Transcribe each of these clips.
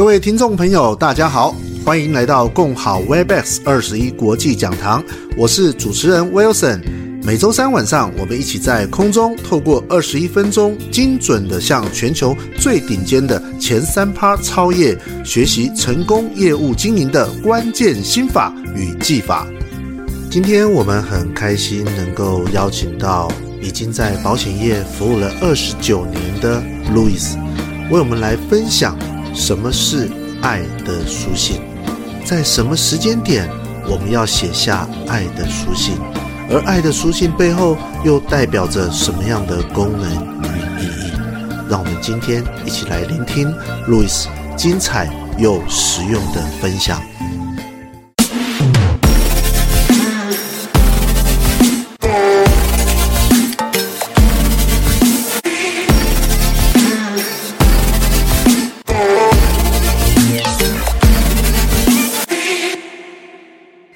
各位聽眾朋友，大家好，歡迎來到共好 Webex 二十一國際講堂，我是主持人 Wilson。每週三晚上，我們一起在空中透過二十一分鐘，精準的向全球最頂尖的前三趴超業學習成功業務經營的關鍵心法與技法。今天我們很開心能夠邀請到已經在保險業服務了二十九年的 Louis，為我們來分享。什麼是愛的書信？在什麼時間點我們要寫下愛的書信？而愛的書信背後又代表着什麼樣的功能與意義？讓我們今天一起來聆聽路易斯精彩又實用的分享。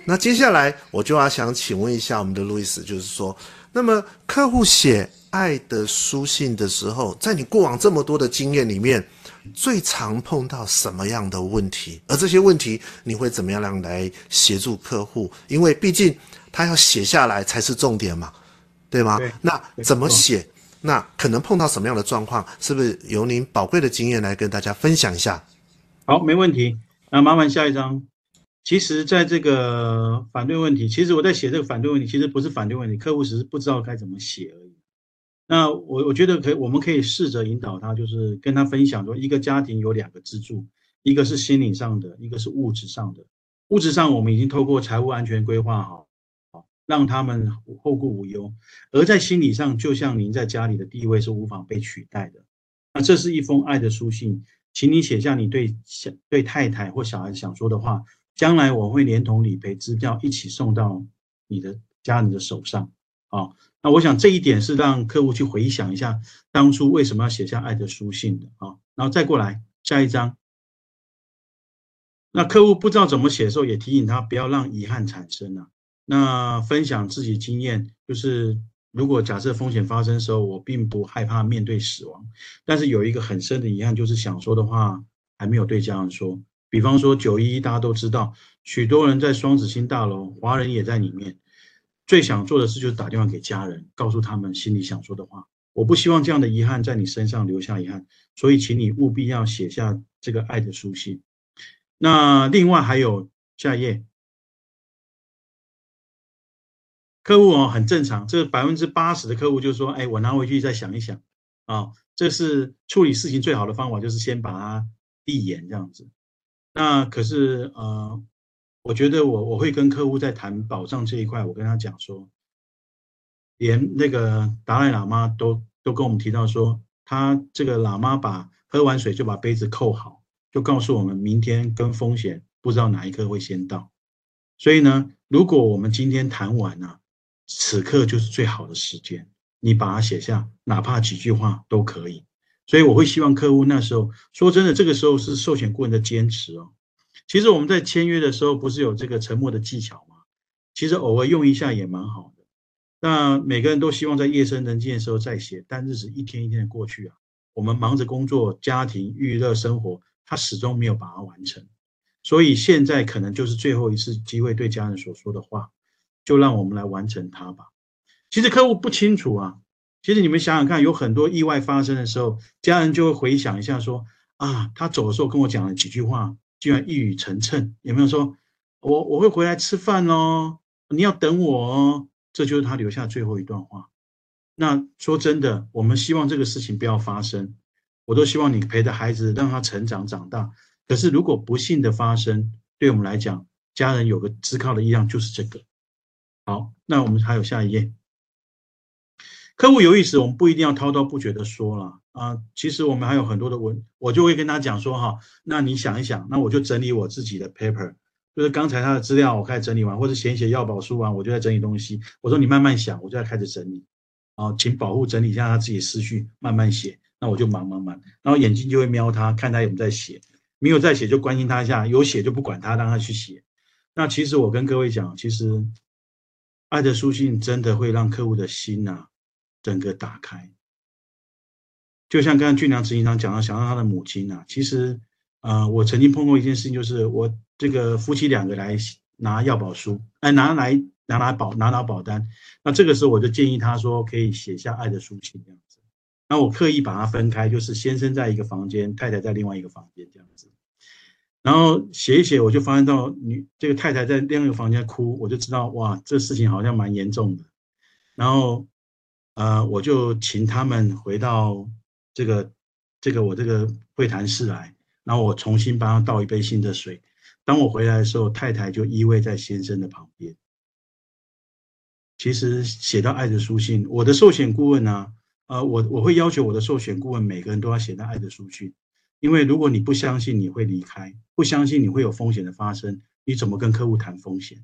那接下來我就要想請問一下我們的路易斯，就是說，那麼客戶寫愛的書信的時候，在你過往這麼多的經驗裡面，最常碰到什麼樣的問題？而這些問題，你會怎麼樣來來協助客戶？因為畢竟他要寫下來才是重點嘛，對嗎？對那怎麼寫？哇那可能碰到什麼樣的狀況？是不是由您寶貴的經驗來跟大家分享一下？好，沒問題。那麻煩下一張。其實，在這個反對問題，其實我在寫這個反對問題，其實不是反對問題，客戶只是不知道該怎麼寫而已。那我我覺得可以，我們可以試着引導他，就是跟他分享說，一個家庭有兩個支柱，一個是心理上的，一個是物質上的。物質上，我們已經透過財務安全規劃好，好讓他們後顧無憂。而在心理上，就像您在家裡的地位是無法被取代的。那這是一封愛的書信，請你寫下你對小對太太或小孩想說的話。將來我會連同理賠支票一起送到你的家人的手上啊。那我想這一點是讓客戶去回想一下當初為什麼要寫下愛的書信的啊，然後再過來下一張。那客戶不知道怎麼寫的時候，也提醒他不要讓遺憾產生啊。那分享自己經驗，就是如果假設風險發生的時候，我並不害怕面對死亡，但是有一個很深的遺憾，就是想說的話還沒有對家人說。比方說九一一大家都知道，許多人在雙子星大樓，華人也在裡面。最想做的事就是打電話給家人，告訴他們心裡想說的話。我不希望這樣的遺憾在你身上留下遺憾，所以請你務必要寫下這個愛的書信。那另外還有下一頁，客戶哦很正常，這百分之八十的客戶就是說：“哎，我拿回去再想一想啊。”這是處理事情最好的方法，就是先把它閉眼這樣子。那可是呃，我覺得我我會跟客戶在談保障這一塊，我跟他講說，連那個達賴喇嘛都都跟我們提到說，他這個喇嘛把喝完水就把杯子扣好，就告訴我們明天跟風險不知道哪一刻會先到，所以呢，如果我們今天談完了啊，此刻就是最好的時間，你把它寫下，哪怕幾句話都可以。所以我會希望客戶那時候說真的，這個時候是壽險顧問的堅持哦。其實我們在簽約的時候不是有這個沉默的技巧嗎？其實偶爾用一下也蠻好的。那每個人都希望在夜深人靜的時候再寫，但日子一天一天的過去啊，我們忙着工作、家庭、娛樂、生活，他始終沒有把它完成。所以現在可能就是最後一次機會，對家人所說的話，就讓我們來完成它吧。其實客戶不清楚啊。其實你們想想看，有很多意外發生的時候，家人就會回想一下說，說啊，他走的時候跟我講了幾句話，居然一語成讖，有沒有說，我我會回來吃飯哦，你要等我哦，這就是他留下最後一段話。那說真的，我們希望這個事情不要發生，我都希望你陪着孩子，讓他成長長大。可是如果不幸的發生，對我們來講，家人有個依靠的力量就是這個。好，那我們還有下一頁。客戶有意思，我們不一定要滔滔不絕的說了啊。其實我們還有很多的文，我就會跟他講說哈、啊，那你想一想，那我就整理我自己的 paper，就是剛才他的資料我開始整理完，或者寫一寫要保書完，我就在整理東西。我說你慢慢想，我就在開始整理，啊請保護整理一下他自己的思緒，慢慢寫。那我就忙忙忙，然後眼睛就會瞄他，看他有沒有在寫，沒有在寫就關心他一下，有寫就不管他，讓他去寫。那其實我跟各位講，其實愛的書信真的會讓客戶的心吶、啊。整個打開，就像剛剛俊良執行長講到，想讓他的母親、啊、其實，呃，我曾經碰過一件事情，就是我這個夫妻兩個來拿要保書，哎拿來拿拿保拿拿來保單。那這個時候，我就建議他說，可以寫下愛的書信這樣子。那我刻意把它分開，就是先生在一個房間，太太在另外一個房間這樣子。然後寫一寫，我就發現到女這個太太在另外一個房間哭，我就知道哇，這事情好像蠻嚴重的。然後。呃，我就請他們回到這個這個我這個會談室來，然後我重新幫他倒一杯新的水。當我回來的時候，太太就依偎在先生的旁邊。其實寫到愛的書信，我的壽險顧問啊，呃，我我會要求我的壽險顧問每個人都要寫到愛的書信，因為如果你不相信你會離開，不相信你會有風險的發生，你怎麼跟客戶談風險？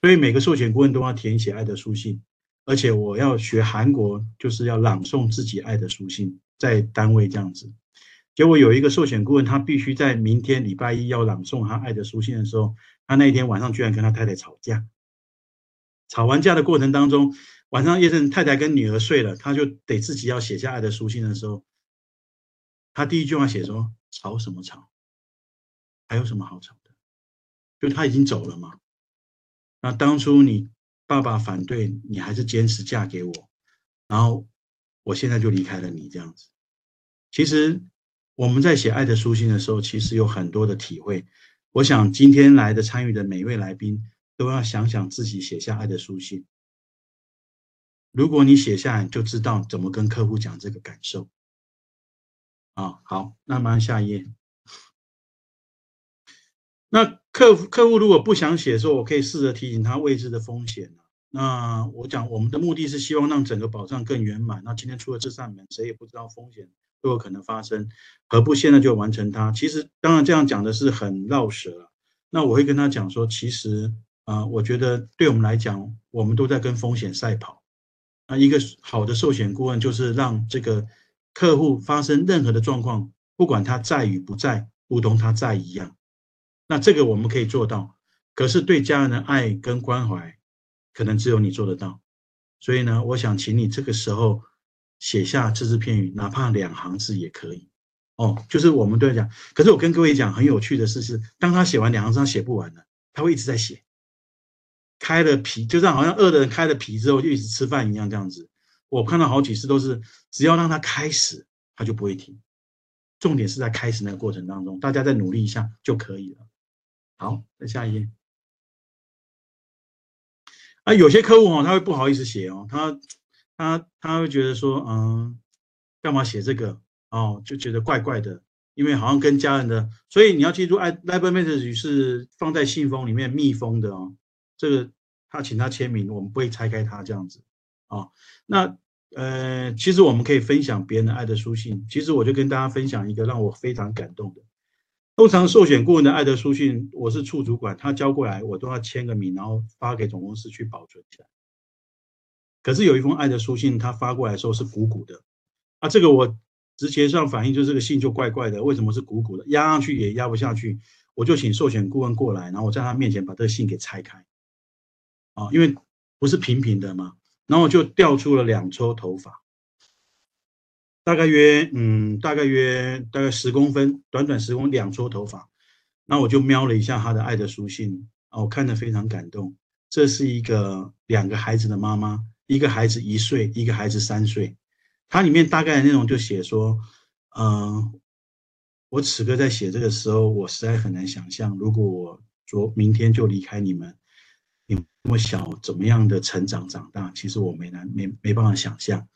所以每個壽險顧問都要填寫愛的書信。而且我要學韓國，就是要朗誦自己愛的書信，在單位這樣子。結果有一個壽險顧問，他必須在明天禮拜一要朗誦他愛的書信的時候，他那一天晚上居然跟他太太吵架。吵完架的過程當中，晚上夜深，太太跟女兒睡了，他就得自己要寫下愛的書信的時候，他第一句話寫什麼？吵什麼吵？還有什麼好吵的？就他已經走了嘛。那當初你。爸爸反對，你還是堅持嫁給我，然後我現在就離開了你這樣子。其實我們在寫愛的書信的時候，其實有很多的體會。我想今天來的參與的每位來賓都要想想自己寫下愛的書信。如果你寫下來，就知道怎麼跟客戶講這個感受。啊，好，那麼下一頁。那。客客戶如果不想寫的時候，說我可以試着提醒他未知的風險。那我講我們的目的是希望讓整個保障更圓滿。那今天出了這扇門，誰也不知道風險都有可能發生，何不現在就完成它？其實當然這樣講的是很繞舌。那我會跟他講說，其實啊，呃，我覺得對我們來講，我們都在跟風險賽跑。那一個好的壽險顧問就是讓這個客戶發生任何的狀況，不管他在與不在，如同他在一樣。那這個我們可以做到，可是對家人的愛跟關懷，可能只有你做得到。所以呢，我想請你這個時候寫下隻字片語，哪怕兩行字也可以。哦，就是我們都在講。可是我跟各位講，很有趣的事是，是當他寫完兩行字，他寫不完了，他會一直在寫，開了皮，就像好像餓的人開了皮之後就一直吃飯一樣這樣子。我看到好幾次都是，只要讓他開始，他就不會停。重點是在開始那個過程當中，大家再努力一下就可以了。好，再下一頁。啊，有些客戶哦，他會不好意思寫哦，他他他會覺得說，嗯，幹嘛寫這個哦，就覺得怪怪的，因為好像跟家人的。所以你要記住，愛 l i b e r Message 是放在信封裡面密封的哦。這個他請他簽名，我們不會拆開他這樣子。啊，那呃，其實我們可以分享別人的愛的書信。其實我就跟大家分享一個讓我非常感動的。通常壽險顧問的愛的書信，我是處主管，他交過來我都要簽個名，然後發給總公司去保存起來。可是有一封愛的書信，他發過來的時候是鼓鼓的，啊，這個我直覺上反應就是這個信就怪怪的，為什麼是鼓鼓的？壓上去也壓不下去，我就請壽險顧問過來，然後我在他面前把這個信給拆開，啊，因為不是平平的嘛，然後就掉出了兩撮頭髮。大概約，嗯，大概約，大概十公分，短短十公分兩撮頭髮，那我就瞄了一下他的《愛的書信》哦，啊，我看得非常感動。這是一個兩個孩子的媽媽，一個孩子一歲，一個孩子三歲。它裡面大概的內容就寫說，嗯、呃，我此刻在寫這個時候，我實在很難想象，如果我昨明天就離開你們，你們那麼小，怎麼樣的成長長大？其實我沒能沒沒辦法想象。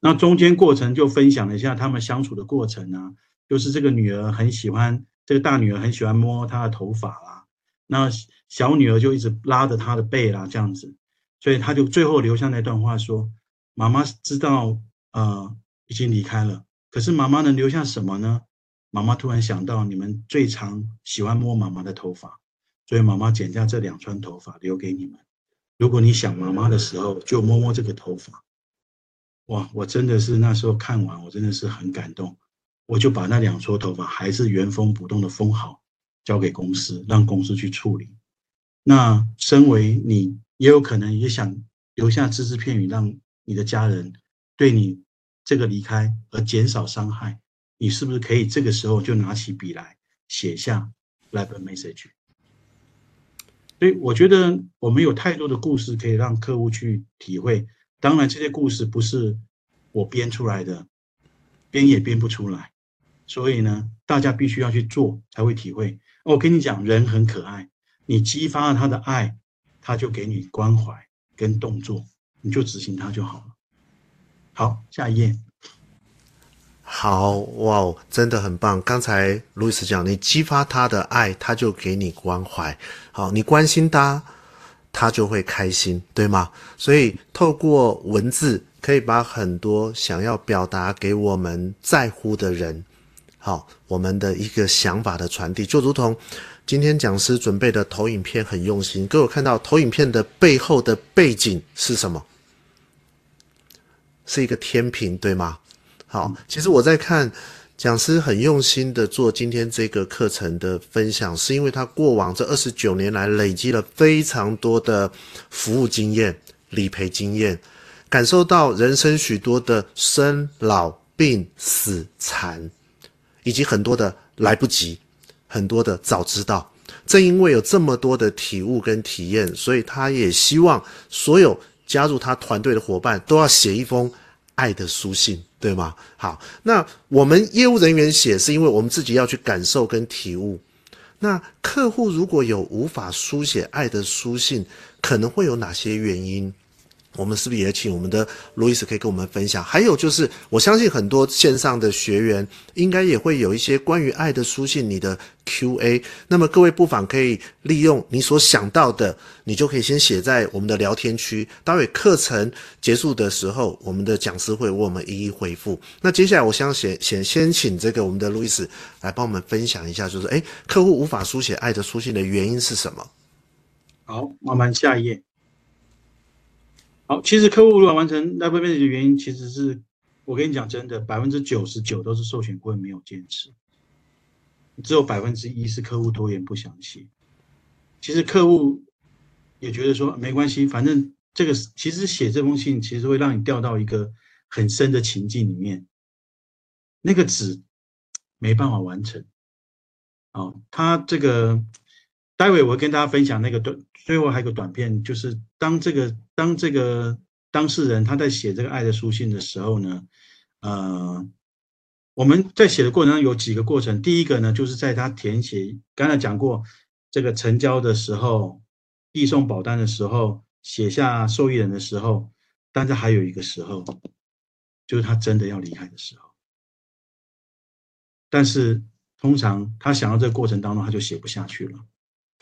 那中間過程就分享了一下他們相處的過程啊，就是這個女兒很喜歡，這個大女兒很喜歡摸她的頭髮啦、啊，那小女兒就一直拉着她的背啦、啊，這樣子，所以她就最後留下那段話說：“媽媽知道，呃，已經離開了，可是媽媽能留下什麼呢？媽媽突然想到，你們最常喜歡摸媽媽的頭髮，所以媽媽剪下這兩串頭髮留給你們，如果你想媽媽的時候，就摸摸這個頭髮。”哇，我真的是那時候看完，我真的是很感動，我就把那兩撮頭髮還是原封不動的封好，交給公司，讓公司去處理。那身為你也有可能也想留下只字片語，讓你的家人對你這個離開而減少傷害，你是不是可以這個時候就拿起筆來寫下 leaving message？所以我覺得我們有太多的故事可以讓客戶去體會。當然，這些故事不是我編出來的，編也編不出來，所以呢，大家必須要去做才會體會。我跟你講，人很可愛，你激發了他的愛，他就給你關懷跟動作，你就執行他就好了。好，下一頁。好，哇哦，真的很棒。剛才路易斯講，你激發他的愛，他就給你關懷。好，你關心他。他就會開心，對嗎？所以透過文字可以把很多想要表達給我們在乎的人，好，我們的一個想法的傳遞，就如同今天講師準備的投影片很用心，各位看到投影片的背後的背景是什麼？是一個天平，對嗎？好，其實我在看。講師很用心的做今天這個課程的分享，是因為他過往這二十九年來累積了非常多的服務經驗、理賠經驗，感受到人生許多的生老病死殘，以及很多的來不及，很多的早知道。正因為有這麼多的體悟跟體驗，所以他也希望所有加入他團隊的夥伴都要寫一封愛的書信。對嗎？好，那我們業務人員寫，是因為我們自己要去感受跟體悟。那客戶如果有無法書寫愛的書信，可能會有哪些原因？我們是不是也請我們的路易斯可以跟我們分享？還有就是，我相信很多線上的學員應該也會有一些關於愛的書信，你的 Q&A。那麼各位不妨可以利用你所想到的，你就可以先寫在我們的聊天區。待會課程結束的時候，我們的講師會為我，我們一一回復。那接下來，我想先先先請這個我們的路易斯來幫我們分享一下，就是誒，客戶無法書寫愛的書信的原因是什麼？好，慢慢下一頁。好，其實客戶如果完成那封信的原因，其實是我跟你講真的，百分之九十九都是壽險顧問沒有堅持，只有百分之一是客戶拖延不想寫。其實客戶也覺得說沒關係，反正這個其實寫這封信，其實會讓你掉到一個很深的情境裡面，那個紙沒辦法完成。哦，他這個。待會我會跟大家分享那個短，最後還有一個短片，就是當這個當這個當事人他在寫這個愛的書信的時候呢，呃，我們在寫的過程中有幾個過程，第一個呢就是在他填寫剛才講過這個成交的時候，遞送保單的時候寫下受益人的時候，但是還有一個時候，就是他真的要離開的時候，但是通常他想到這個過程當中他就寫不下去了。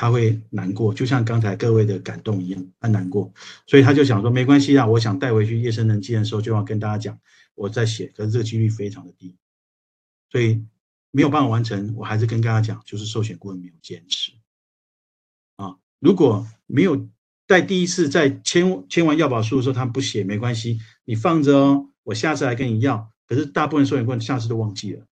他會難過，就像剛才各位的感動一樣，他難過，所以他就想說沒關係啊，我想帶回去，夜深人靜的時候就要跟大家講，我再寫，可是這個幾率非常的低，所以沒有辦法完成。我還是跟大家講，就是壽險顧問沒有堅持啊。如果沒有在第一次在簽簽完要保書的時候，他不寫沒關係，你放着哦，我下次來跟你要。可是大部分壽險顧問下次都忘記了。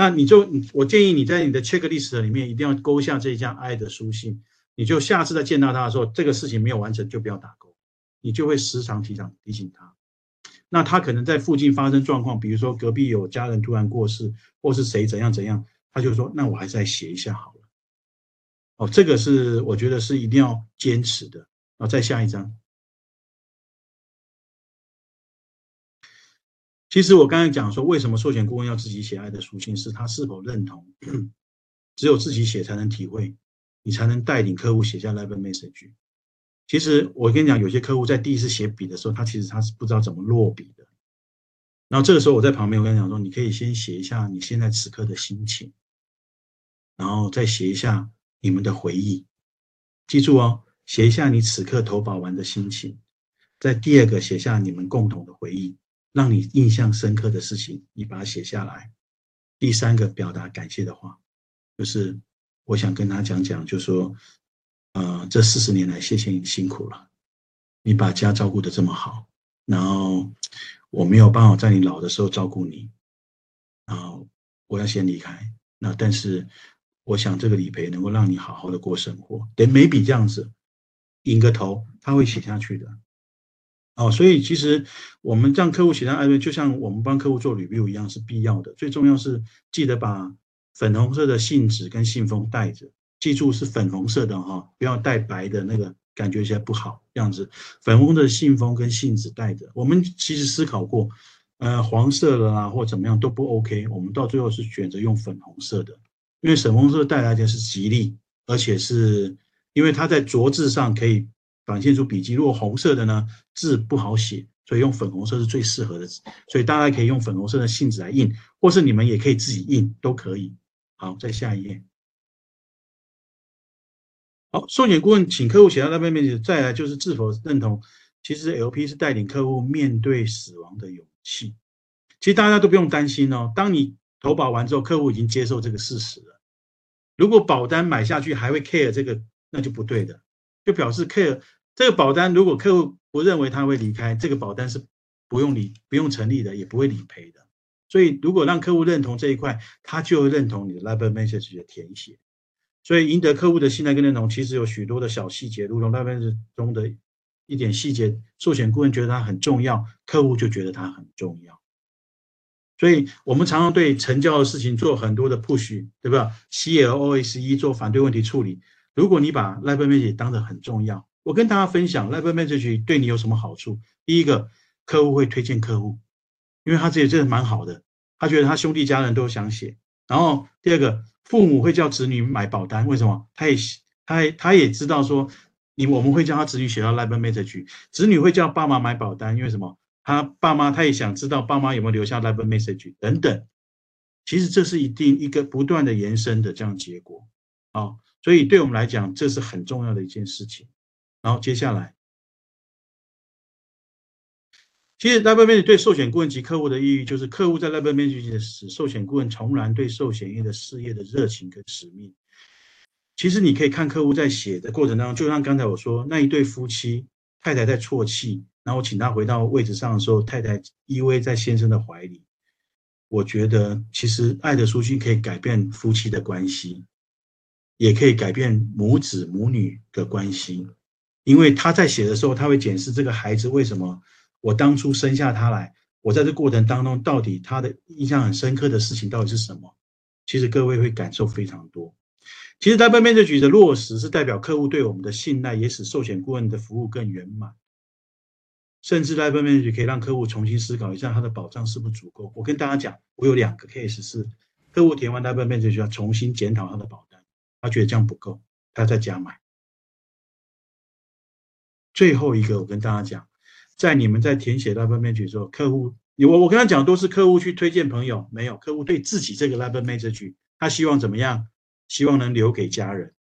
那你就，我建議你在你的 checklist 裡面一定要勾下這一項愛的書信。你就下次再見到他的時候，這個事情沒有完成就不要打勾，你就會時常提醒提醒他。那他可能在附近發生狀況，比如說隔壁有家人突然過世，或是誰怎樣怎樣，他就說那我還是來寫一下好了。哦，這個是我覺得是一定要堅持的。然後，再下一張。其實我剛才講說，為什麼壽險顧問要自己寫愛的書信，是他是否認同，只有自己寫才能體會，你才能帶領客戶寫下 Love Message。其實我跟你講，有些客戶在第一次寫筆的時候，他其實他是不知道怎麼落筆的。然後這個時候我在旁邊，我跟你講說，你可以先寫一下你現在此刻的心情，然後再寫一下你們的回憶。記住哦，寫一下你此刻投保完的心情，在第二個寫下你們共同的回憶。讓你印象深刻的事情，你把它寫下來。第三個表達感謝的話，就是我想跟他講講，就是說，呃，這四十年來謝謝你辛苦了，你把家照顧得這麼好，然後我沒有辦法在你老的時候照顧你，然後我要先離開。那但是我想這個理賠能夠讓你好好的過生活，得每筆這樣子引個頭，他會寫下去的。哦，所以其實我們讓客戶寫上愛樂，就像我們幫客戶做 review 一樣，是必要的。最重要是記得把粉紅色的信紙跟信封帶着，記住是粉紅色的哈、哦，不要帶白的那個，感覺一下不好。這樣子，粉紅的信封跟信紙帶着。我們其實思考過，呃，黃色的啊或怎麼樣都不 OK。我們到最後是選擇用粉紅色的，因為粉紅色帶來的是吉利，而且是因為它在鐲子上可以。展現出筆記，如果紅色的呢字不好寫，所以用粉紅色是最適合的，所以大家可以用粉紅色的信紙來印，或是你們也可以自己印都可以。好，再下一頁。好，壽險顧問請客戶寫到那邊面，再來就是是否認同。其實 LP 是帶領客戶面對死亡的勇氣。其實大家都不用擔心哦，當你投保完之後，客戶已經接受這個事實了。如果保單買下去還會 care 這個，那就不對的，就表示 care。這個保單如果客戶不認為他會離開，這個保單是不用理、不用成立的，也不會理賠的。所以，如果讓客戶認同這一塊，他就會認同你的 letter message 的填寫。所以，贏得客戶的信賴跟認同，其實有許多的小細節，如同 letter message 中的一點細節，壽險顧問覺得它很重要，客戶就覺得它很重要。所以我們常常對成交的事情做很多的 push 對吧？Close 一做反對問題處理，如果你把 letter message 當得很重要，我跟大家分享 Life Message 對你有什麼好處？第一個，客戶會推薦客戶，因為他自己真的蠻好的，他覺得他兄弟家人都想寫。然後第二個，父母會叫子女買保單，為什麼？他也他也他也知道說，你我們會叫他子女寫到 Life Message，子女會叫爸媽買保單，因為什麼？他爸媽他也想知道爸媽有沒有留下 Life Message 等等。其實這是一定一個不斷的延伸的這樣結果啊、哦，所以對我們來講，這是很重要的一件事情。然後接下來，其實 Letterman 對壽險顧問及客戶的意義，就是客戶在 Letterman 時，壽險顧問重燃對壽險業的事業的熱情跟使命。其實你可以看客戶在寫的過程當中，就像剛才我說那一對夫妻，太太在啜泣，然後請他回到位置上的時候，太太依偎在先生的懷裡。我覺得其實愛的書信可以改變夫妻的關係，也可以改變母子母女的關係。因為他在寫的時候，他會檢視這個孩子，為什麼我當初生下他來，我在這過程當中到底他的印象很深刻的事情到底是什麼？其實各位會感受非常多。其實大半面這局的落實是代表客戶對我們的信賴，也使壽險顧問的服務更圓滿。甚至大半面這局可以讓客戶重新思考一下他的保障是否足夠。我跟大家講，我有兩個 case 是客戶填完大半面這局要重新檢討他的保單，他覺得這樣不夠，他要再加買。最後一個，我跟大家講，在你們在填寫拉 s 面結句的時候，客戶，我我跟他講，都是客戶去推薦朋友，沒有客戶對自己這個 s s 面 g e 他希望怎麼樣？希望能留給家人，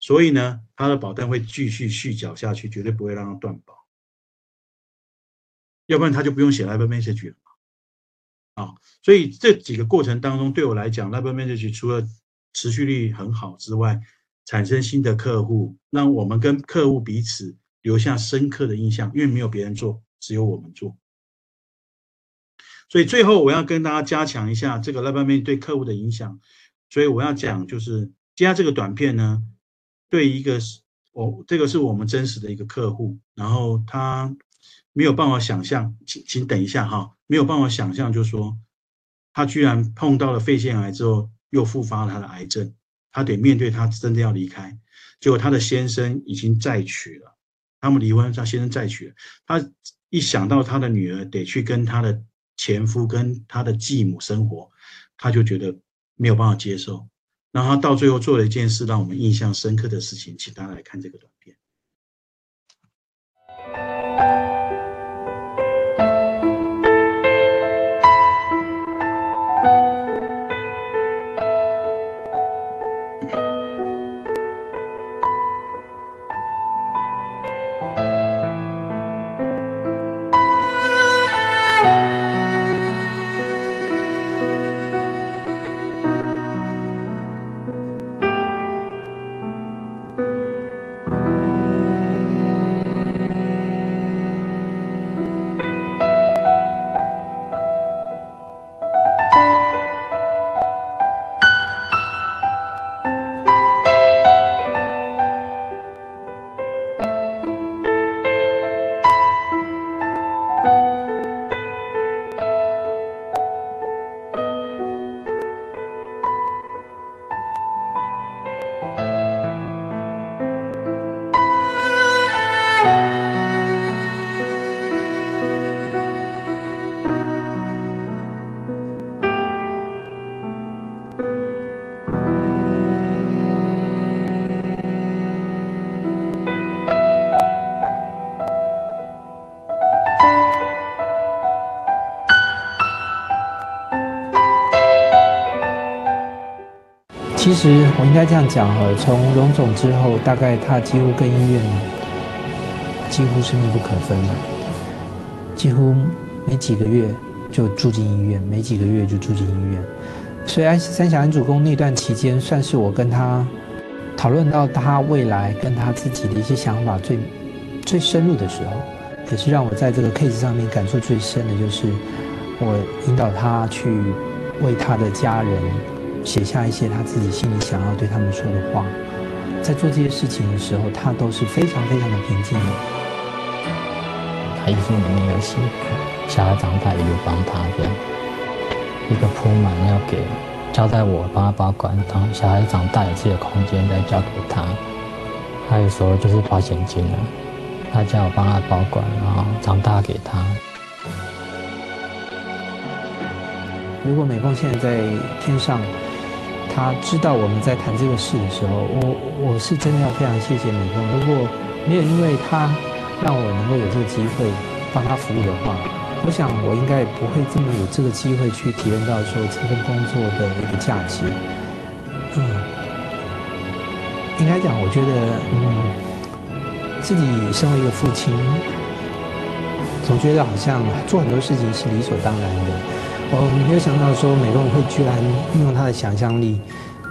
所以呢，他的保單會繼續續繳下去，絕對不會讓他斷保，要不然他就不用寫 s s 面 g e 了，啊，所以這幾個過程當中，對我來講，s s 面 g e 除了持續率很好之外，產生新的客戶，讓我們跟客戶彼此。留下深刻的印象，因為沒有別人做，只有我們做。所以最後我要跟大家加強一下這個 labour 面對客戶的影響。所以我要講就是接下來這個短片呢，對一個我、哦、這個是我們真實的一個客戶，然後他沒有辦法想象，請請等一下哈、哦，沒有辦法想象，就是說他居然碰到了肺腺癌之後又復發了他的癌症，他得面對他真的要離開，結果他的先生已經再娶了。他們離婚，他先生再娶了。他一想到他的女兒得去跟他的前夫、跟他的繼母生活，他就覺得沒有辦法接受。然後他到最後做了一件事，讓我們印象深刻的事情，請大家來看這個短片。其實我應該這樣講啊，從榮總之後，大概他幾乎跟醫院幾乎是密不可分的，幾乎沒幾個月就住進醫院，沒幾個月就住進醫院。所以三峽安主公那段期間，算是我跟他討論到他未來跟他自己的一些想法最最深入的時候，可是讓我在這個 case 上面感觸最深的就是，我引導他去為他的家人寫下一些他自己心裡想要對他們說的話，在做這些事情的時候，他都是非常非常的平靜的。他遺書裡面也寫，小孩長大也有幫他這樣，一個鋪滿要給交代我幫他保管，當小孩長大有自己的空間再交給他。他有時候就是保險金啊，他叫我幫他保管，然後長大給他。如果美鳳現在在天上。他知道我們在談這個事的時候，我我是真的要非常謝謝美共，如果沒有，因為他讓我能夠有這個機會幫他服務的話，我想我應該也不會這麼有這個機會去體驗到說，這份工作的一個價值。嗯，應該講，我覺得嗯，自己身為一個父親，總覺得好像做很多事情是理所當然的。我沒有想到，說美國人會居然用他的想象力，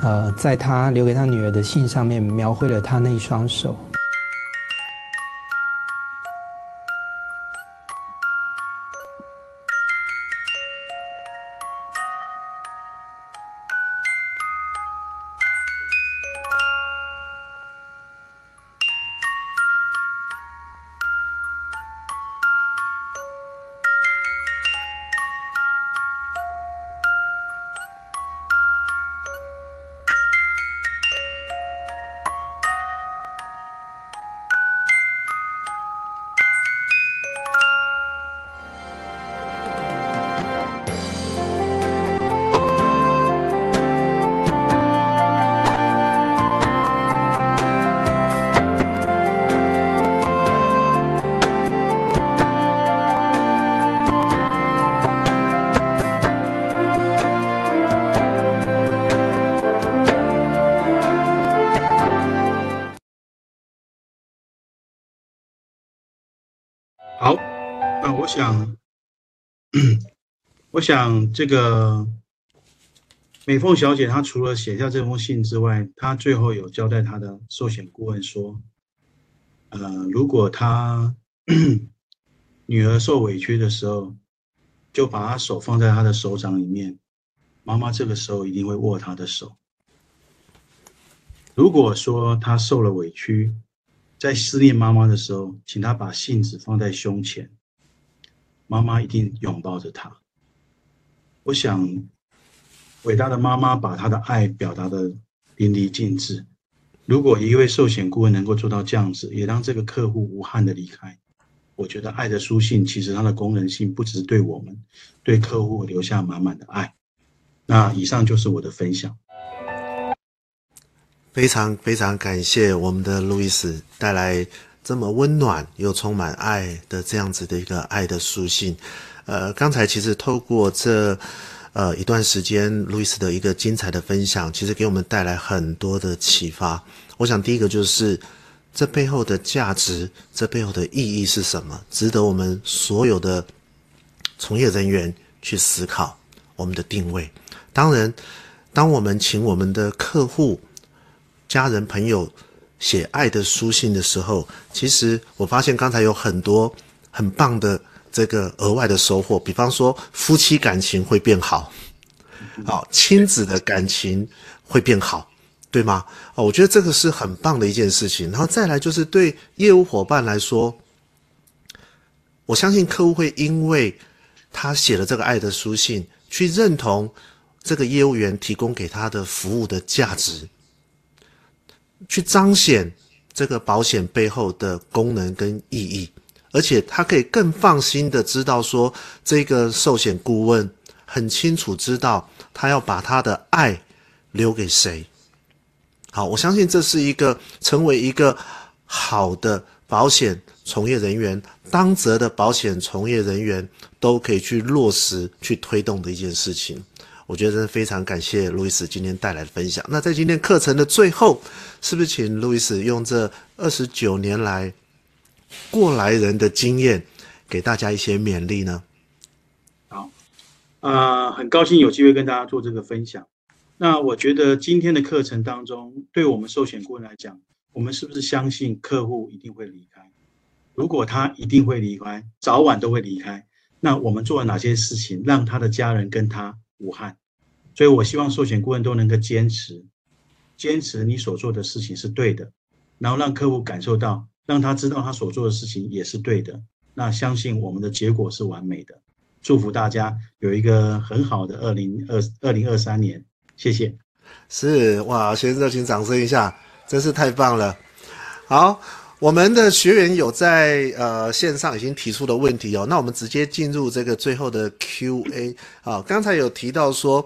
呃，在他留給他女兒的信上面描繪了他那一雙手。好，那我想，我想這個美鳳小姐她除了寫下這封信之外，她最後有交代她的壽險顧問說，呃，如果她女兒受委屈的時候，就把她手放在她的手掌裡面，媽媽這個時候一定會握她的手。如果說她受了委屈，在思念媽媽的時候，請她把信紙放在胸前，媽媽一定擁抱着她。我想，偉大的媽媽把她的愛表達得淋漓盡致。如果一位壽險顧問能夠做到這樣子，也讓這個客戶無憾的離開，我覺得愛的書信其實它的功能性不只是對我們，對客戶留下滿滿的愛。那以上就是我的分享。非常非常感謝我們的路易斯帶來這麼溫暖又充滿愛的這樣子的一個愛的書信。呃，剛才其實透過這呃一段時間路易斯的一個精彩的分享，其實給我們帶來很多的啟發。我想第一個就是這背後的價值，這背後的意義是什麼？值得我們所有的從業人員去思考我們的定位。當然，當我們請我們的客戶。家人朋友寫愛的書信的時候，其實我發現剛才有很多很棒的這個額外的收穫，比方說夫妻感情會變好，好親子的感情會變好，對嗎？啊，我覺得這個是很棒的一件事情。然後再來就是對業務夥伴來說，我相信客戶會因為他寫了這個愛的書信，去認同這個業務員提供給他的服務的價值。去彰顯這個保險背後的功能跟意義，而且他可以更放心的知道說，這個壽險顧問很清楚知道他要把他的愛留給誰。好，我相信這是一個成為一個好的保險從業人員、當責的保險從業人員都可以去落實、去推動的一件事情。我覺得非常感謝路易斯今天帶來的分享。那在今天課程的最後，是不是請路易斯用這二十九年來過來人的經驗，給大家一些勉勵呢？好，啊、呃，很高興有機會跟大家做這個分享。那我覺得今天的課程當中，對我們壽險顧問來講，我們是不是相信客戶一定會離開？如果他一定會離開，早晚都會離開，那我們做了哪些事情，讓他的家人跟他？武漢，所以我希望壽險顧問都能夠堅持，堅持你所做的事情是對的，然後讓客戶感受到，讓他知道他所做的事情也是對的。那相信我們的結果是完美的，祝福大家有一個很好的二零二二零二三年。謝謝。是哇，先熱情掌聲一下，真是太棒了。好。我們的學員有在呃線上已經提出的問題哦，那我們直接進入這個最後的 Q&A 啊。剛才有提到說，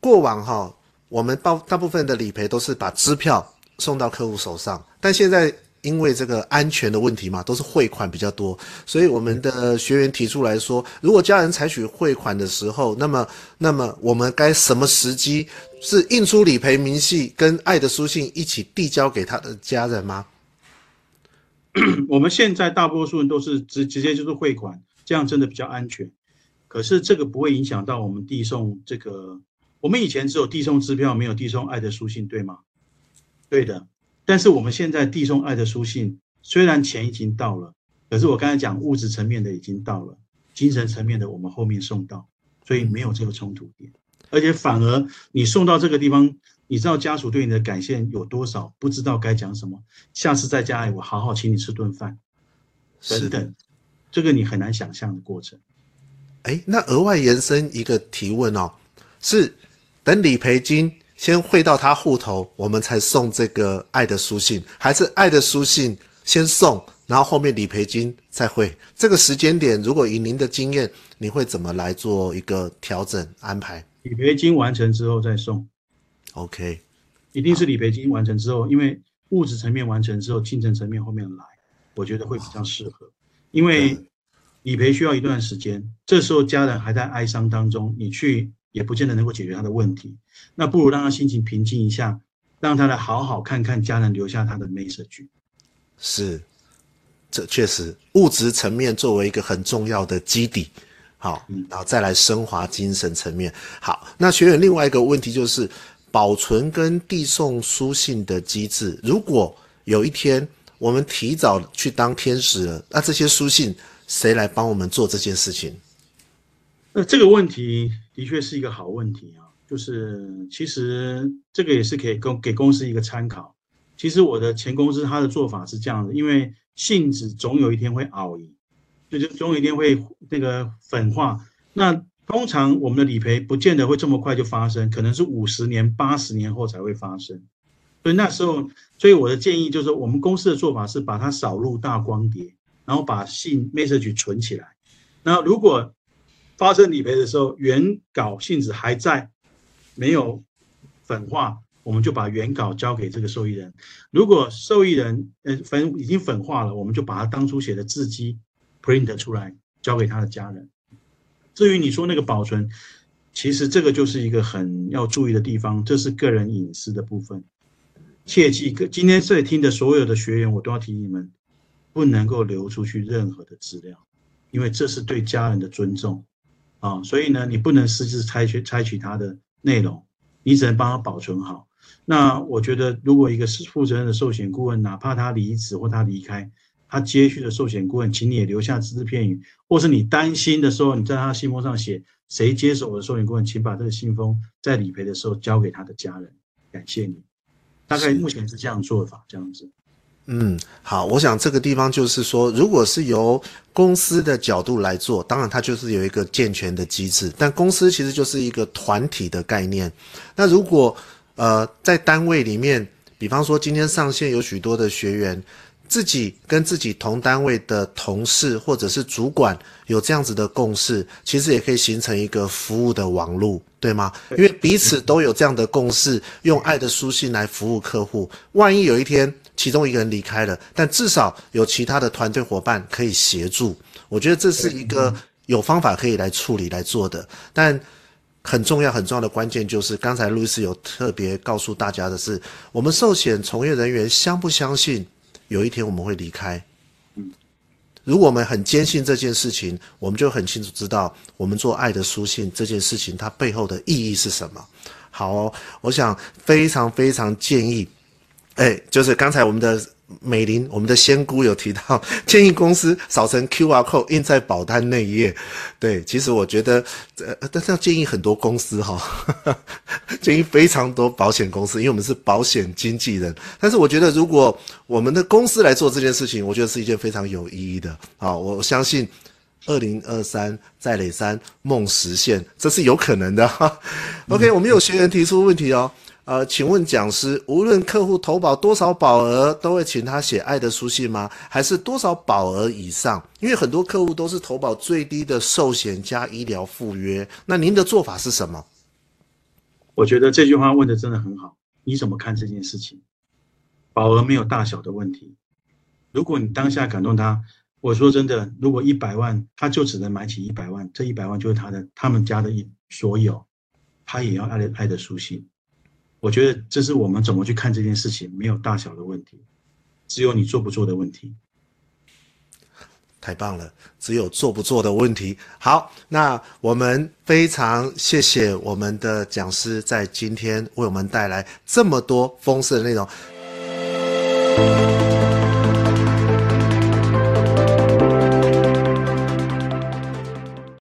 過往哈、哦、我們包大部分的理賠都是把支票送到客戶手上，但現在因為這個安全的問題嘛，都是匯款比較多，所以我們的學員提出來說，如果家人採取匯款的時候，那麼那麼我們該什麼時機是印出理賠明細跟愛的書信一起遞交給他的家人嗎？ 我們現在大多數人都是直直接，就是匯款，這樣真的比較安全。可是這個不會影響到我們遞送這個。我們以前只有遞送支票，沒有遞送愛的書信，對嗎？對的。但是我們現在遞送愛的書信，雖然錢已經到了，可是我剛才講物質層面的已經到了，精神層面的我們後面送到，所以沒有這個衝突點，而且反而你送到這個地方。你知道家屬對你的感謝有多少？不知道該講什麼。下次在家裡，我好好請你吃頓飯，等等，是的 這個你很難想象的過程。哎，那額外延伸一個提問哦，是等理賠金先匯到他戶頭，我們才送這個愛的書信，還是愛的書信先送，然後後面理賠金再匯？這個時間點，如果以您的經驗，你會怎麼來做一個調整安排？理賠金完成之後再送。OK，一定是理賠金完成之後，好因為物質層面完成之後，精神層面後面來，我覺得會比較適合。哦、因為理賠需要一段時間，嗯、這時候家人還在哀傷當中，你去也不見得能夠解決他的問題。那不如讓他心情平靜一下，讓他來好好看看家人留下他的 message。是，這確實物質層面作為一個很重要的基底，好，嗯、然後再來升華精神層面。好，那學員另外一個問題就是。保存跟遞送書信的機制，如果有一天我們提早去當天使了，那這些書信誰來幫我們做這件事情？那、呃、這個問題的確是一個好問題啊，就是其實這個也是給公給公司一個參考。其實我的前公司他的做法是這樣的，因為信紙總有一天會熬，就就總有一天會那個粉化，那。通常我們的理賠不見得會這麼快就發生，可能是五十年、八十年後才會發生。所以那時候，所以我的建議就是，我們公司的做法是把它掃入大光碟，然後把信 message 存起來。那如果發生理賠的時候，原稿信紙還在，沒有粉化，我們就把原稿交給這個受益人。如果受益人呃粉已經粉化了，我們就把他當初寫的字跡 print 出來，交給他的家人。至於你說那個保存，其實這個就是一個很要注意的地方，這是個人隱私的部分，切記。今天這裡聽的所有的學員，我都要提醒你們，不能夠流出去任何的資料，因為這是對家人的尊重啊。所以呢，你不能私自拆去，拆取他的內容，你只能幫他保存好。那我覺得，如果一個是負責任的壽險顧問，哪怕他離職或他離開，他接續的壽險顧問，請你也留下只字片語，或是你擔心的時候，你在他信封上寫“誰接手我的壽險顧問，請把這個信封在理賠的時候交給他的家人”。感謝你，大概目前是這樣做法，是這樣子。嗯，好，我想這個地方就是說，如果是由公司的角度來做，當然它就是有一個健全的機制，但公司其實就是一個團體的概念。那如果呃在單位裡面，比方說今天上線有許多的學員。自己跟自己同單位的同事或者是主管有這樣子的共識，其實也可以形成一個服務的網路，對嗎？因為彼此都有這樣的共識，用愛的書信來服務客戶。萬一有一天其中一個人離開了，但至少有其他的團隊伙伴可以協助。我覺得這是一個有方法可以來處理來做的。但很重要很重要的關鍵就是，剛才路易斯有特別告訴大家的是，我們壽險從業人員相不相信？有一天我們會離開，嗯，如果我們很堅信這件事情，我們就很清楚知道我們做愛的書信這件事情它背後的意義是什麼。好哦，我想非常非常建議。哎、欸，就是剛才我們的美玲，我們的仙姑有提到建議公司掃成 QR code 印在保單內頁。對，其實我覺得，呃，但是要建議很多公司哈，建議非常多保險公司，因為我們是保險經紀人。但是我覺得，如果我們的公司來做這件事情，我覺得是一件非常有意義的。好、哦，我相信。二零二三在磊山夢實現，這是有可能的。 OK，我們有學員提出問題哦，嗯、呃，請問講師，無論客戶投保多少保額，都會請他寫愛的書信嗎？還是多少保額以上？因為很多客戶都是投保最低的壽險加醫療附約，那您的做法是什麼？我覺得這句話問得真的很好，你怎麼看這件事情？保額沒有大小的問題，如果你當下感動他。嗯我說真的，如果一百萬，他就只能買起一百萬，這一百萬就是他的，他們家的一所有，他也要愛的愛的書信。我覺得這是我們怎麼去看這件事情，沒有大小的問題，只有你做不做的問題。太棒了，只有做不做的問題。好，那我們非常謝謝我們的講師在今天為我們帶來這麼多豐盛的內容。